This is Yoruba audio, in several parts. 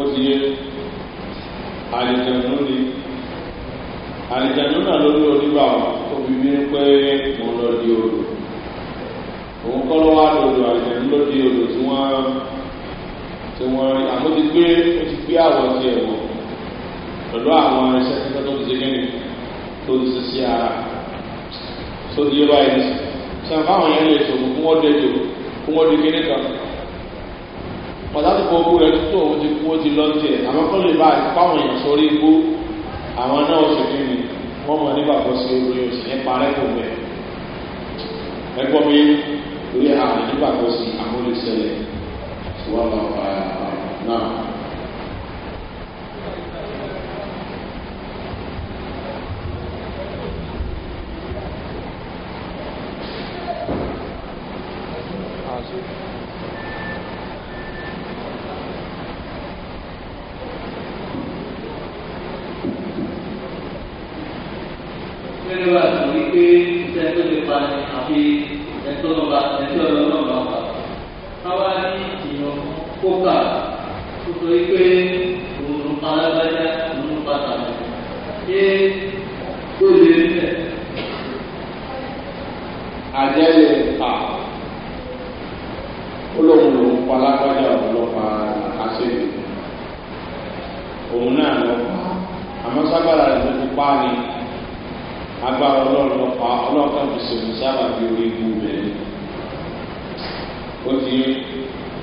ó ti yé àlìjànú ni àlìjànú náà ló ní onígbà òbí mi pé mo lọ di odò òun kọ́ ló wá lòdò àlìjànú ló di odò tí wọ́n tí wọ́n rí àmọ́ ti gbé ó ti gbé àwọ̀ ti ẹ̀wọ̀ pẹ̀lú àwọn irinṣẹ́ kíkọ́ tó ti ṣe kíni tó ti ṣe sí ara tó ti yé báyìí sọ fáwọn yẹn lè tòun kí wọ́n dé jò kí wọ́n di kíní kan pàtàkì kan owó rẹ tó òun ti kú ó ti lọ jẹ àwọn kan lè bá àpáwọn èèyàn sórí igbó àwọn náà ṣe kí ni wọn mọ nígbàgbọ́ sí orí oṣù ní parẹ́ kò bẹ̀ ẹgbọ́n mi lórí àwọn nígbàgbọ́ sí àwọn olùsẹ̀lẹ̀ ṣùgbọ́n náà. kéré wà tó ní pé iṣẹ́ tó lè pa ni àfi ẹ̀tọ́ lọ́ba ẹ̀tọ́ lọ́ba ọ̀pá. káwá ní ìyàn kókà tó sọ pé òun pa alágbájá òun pa tàbí. ṣé tó lè rẹ̀? àjẹ́ lè pa olóhùn lòún pa alágbájá òun lọ́ pa àṣẹ́yìn òun náà lọ́ pa àmọ́ sábàlá rẹ̀ ló ti pa ni agbára ọlọ́run lọ pa ọlọ́run kan fi sòmù sábà bí orí ibu rẹ̀ ó ti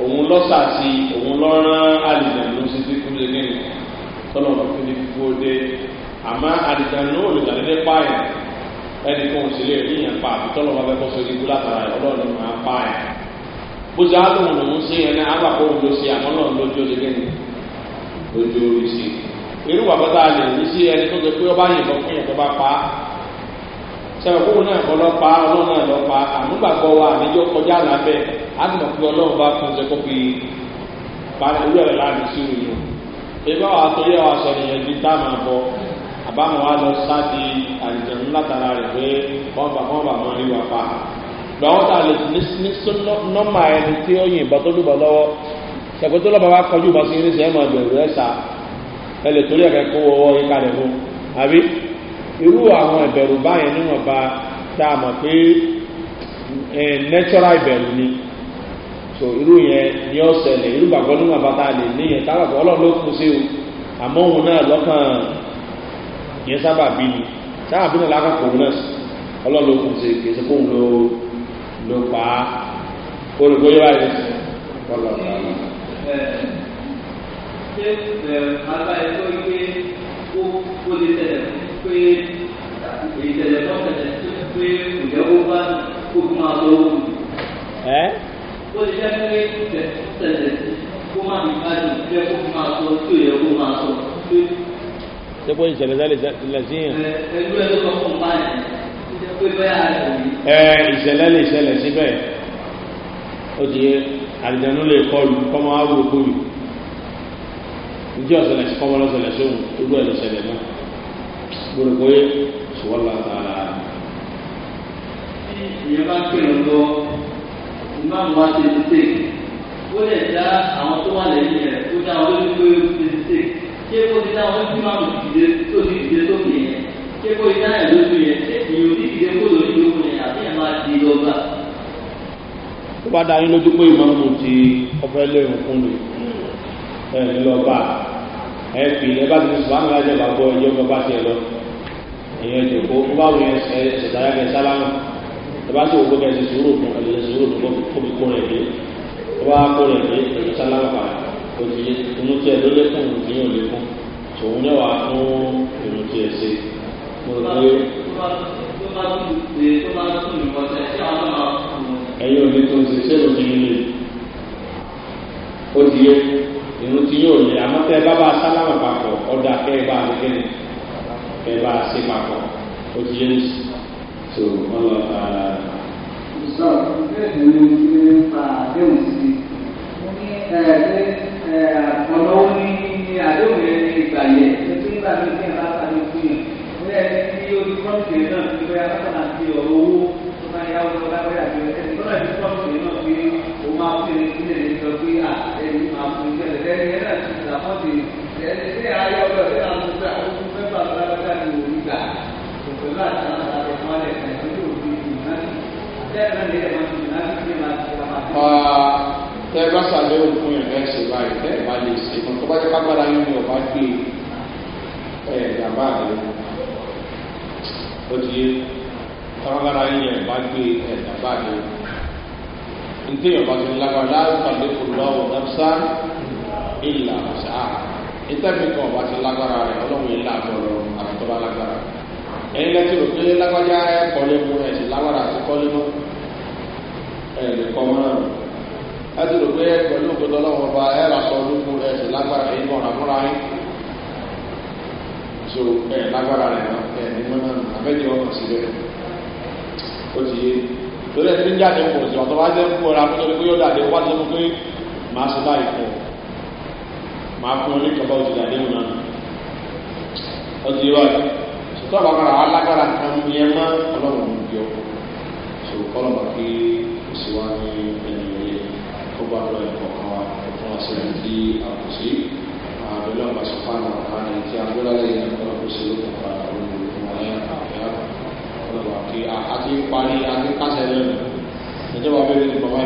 òun lọ́sà sí òun lọ́rán àlìjànú sí ti kúrò lẹ́yìn tọ́lọ̀ lọ fi ní fífó dé àmọ́ àlìjànú olùdàdédé pààyàn ẹnì kan ò sì lè rí ìyàn pa àbí tọ́lọ̀ bá fẹ́ kọ́ sórí ibu látara ọlọ́run máa pààyàn bó ṣe ágùn lòún ṣe yẹn náà àgbàpọ̀ òun ló ṣe àmọ́ náà lójú lẹ́yìn lójú orí sí irú wàbọ́tà lè ní sí ẹni tó ṣe pé ọba yìnbọn fún yẹn tó bá pa á sọ̀rọ̀ kókò náà kọ́ lọ́pàá ọlọ́run náà lọ́pàá àmúgbàgbọ́ wa àníjọ́ kọjá lábẹ́ àdùnnà pé ọlọ́run bá fún ṣe kó fi balẹ̀ orí ẹ̀rọ láàrin sí òye ebi àwọn àtọ́lé àwọn aṣọ nìyẹn bí tá a máa bọ àbámọ̀ wa lọ sáàdì àìjẹ̀mú látara rẹ̀ pé kọ́ńbà kọ́ńbà máa rí wa pa gbàwọ́n tá a lè ní nọ́mbà ẹni tí ó yin ìbọn tó dùbọ̀ lọ́wọ́ ṣẹ̀gbẹ́ tó lọ́ba wa kọjú ìbọn sí irinṣẹ́ ẹ̀ máa bẹ̀rù ẹ̀ sà ẹ lè torí ẹ̀kẹ́ kó wọ́wọ́ yín kalẹ̀ fún àbí irú àwọn ìbẹ̀rù báyẹn níwọ̀nba tá a mọ̀ pé natural ìbẹ̀rù ni so irú yẹn ni ó ṣẹlẹ̀ irú gbàgbọ́ níwọ̀nba tá a lè ní yẹn tábàgbọ́ ọlọ́run ló kún sí o àmọ́ òun náà lọ́kàn yẹn sábà bí ni sábà bí náà lákàkọ̀ òun náà ọlọ́run ló kún sí kì í ṣe fóun ló ló pa á olùgbòye báyìí ọlọ́run ṣe aláìsọ ìgbé ó lè tẹ̀lé pé ìṣẹ̀lẹ̀ tó ṣẹlẹ̀ pé ìyẹ́wó bá kó máa lọ wù. ẹ́. ó ti jẹ́ pé ìṣẹ̀lẹ̀ tó ṣẹlẹ̀ kó máa ní bá jù jẹ́ kó máa sọ tó yẹ kó máa sọ pé. ṣé kó ìṣẹ̀lẹ̀ sálẹ̀ sílẹ̀ sí yàn. ẹgbẹ́ ló sọ fún báyìí pé bẹ́ẹ̀ á lè. ẹ ìṣẹ̀lẹ̀ lè ṣẹlẹ̀ síbẹ̀ ó ti yẹ àdìjànú lè kọlu kọ́mọ àwòkúrú ìjọ ọ̀sẹ̀lẹ̀ sí kọ́mọ lọ́sẹ̀lẹ̀ sóhun ó gbọ́ ẹ̀ lọ́sẹ̀lẹ̀ náà gbogbo yẹ sùwọ́n la ta la. ìyẹn bá kírun lọ ìmáàmù wa ti àwọn tó wà lẹ́yìn rẹ̀ tó dá wọn lórí pé ó ti ti tè ṣé kó ti dá wọn fún tó ti ìdílé tó fi yẹn ṣé kó ti dá ẹ̀ lójú yẹn ṣé ìyẹn ò kó lórí ìdókòó yẹn àbí ẹ̀ máa di lọ́gbà. ó bá dá yín lójú pé ìmáàmù ti ọfẹ́ lẹ́yìn fún mi ẹ̀ lọ́gbà ẹ̀ fi ẹ bá ti sùn àwọn alájọba gbọ́ ẹjọ́ bá ti lọ èèyàn ti kó bá wọn yẹn ṣe ṣèdáyà kẹ sálámù tọ́ba tí òkú kẹsì sùúrù fún ẹ̀yẹ sùúrù fún kóbi kó rẹ̀ dé tọ́ba kó rẹ̀ dé ẹ̀yẹ sálámù pa òbí inú tiẹ̀ ló lé fún òbí yóò lé fún tòun náà wà fún inú tiẹ̀ ṣe. ẹ̀yin òbí tó ń ṣe ṣé òbí nílé ó ti yé inú ti yóò lé àmọ́ tẹ́ bá bá papọ̀ ọ̀dà kẹ́ bá fẹ́ bá a ṣe papọ̀ ó ti yé ní so wọ́n lọ. Uh, sọ bẹ́ẹ̀ ni ṣe ń àdéhùn sí i ọ̀nà ó ní àdéhùn yẹn ní ìgbà yẹn ètò ìgbà mi kí n bá bá mi fún yẹn bẹ́ẹ̀ ni kí o ti kọ́ọ̀tì yẹn náà kí bóyá bá bá fi ọ̀rọ̀ owó tó máa yá owó bá bá yà jẹ ẹni tó náà ti kọ́ọ̀tì yẹn náà pé o máa fún ẹni sílẹ̀ ní ìjọ pé à ẹni máa fún tẹ bá sàdéhùn fún yẹn lẹ́sẹ̀ báyìí tẹ bá lè ṣe kan tó bá jẹ́ kápára yín ni ọba gbé ẹ̀ gàba rẹ̀ ó ti yé kápára yín ni ọba gbé ẹ̀ gàba rẹ̀ ntẹ́yìn ọba tó ń lágbára láàpàdé kò lọ́wọ́ nàfṣà ìlà àṣà ìtẹ́mi kan ọba tó lágbára rẹ̀ ọlọ́run yìí láàbọ̀ lọ àtọ́ba lágbára ẹ̀yin lẹ́tí rò pé lágbájá ẹ̀kọ́lé mu ẹ̀sìn lágbára àti kọ́lé mọ́ ẹ̀yìn lè kọ́ mọ́ra nù ẹ̀tí rò pé pẹ̀lú òkúta ọlọ́wọ́ ọba ẹ̀rọ aṣọ olóko ẹ̀sìn lágbára ẹ̀yìn mọ̀ ràmúra yín so ẹ̀ lágbára rẹ̀ náà ẹ̀ ní mọ́ra nù abẹ́jẹ́ ọmọ síbẹ̀ ó ti yé torí ẹ̀ ti ń jáde pọ̀ sí ọ̀tọ̀ wá jẹ́ fúnra fún torí pé yóò dàdé wá tó pé màá sọ báyìí pọ̀ màá fún ọ ní kọ́kọ́ òtítà dé mọ́ náà ó ti yé wáyé tó àwọn ọmọ àwọn alágbára kan ní ẹ mọ́ ọlọ́run ní ibi ọkọ̀ so kọ́lọ̀ bá pé kò sí wá ní ẹni ìyẹ tó bá lọ ẹ̀kọ́ kan wá fún àṣẹ tí a kò sí àbẹ̀lẹ̀ ọba sọ̀fánà àti tí a gbọ́dọ̀ lẹ́yìn ẹ̀kọ́ kò sí lókun fara àwọn olùkọ́ni àbẹ̀yà kọ́lọ̀ bá pé àti parí àti kásẹ̀ lẹ́nu ìjọba bẹ́ẹ̀ ní bàbá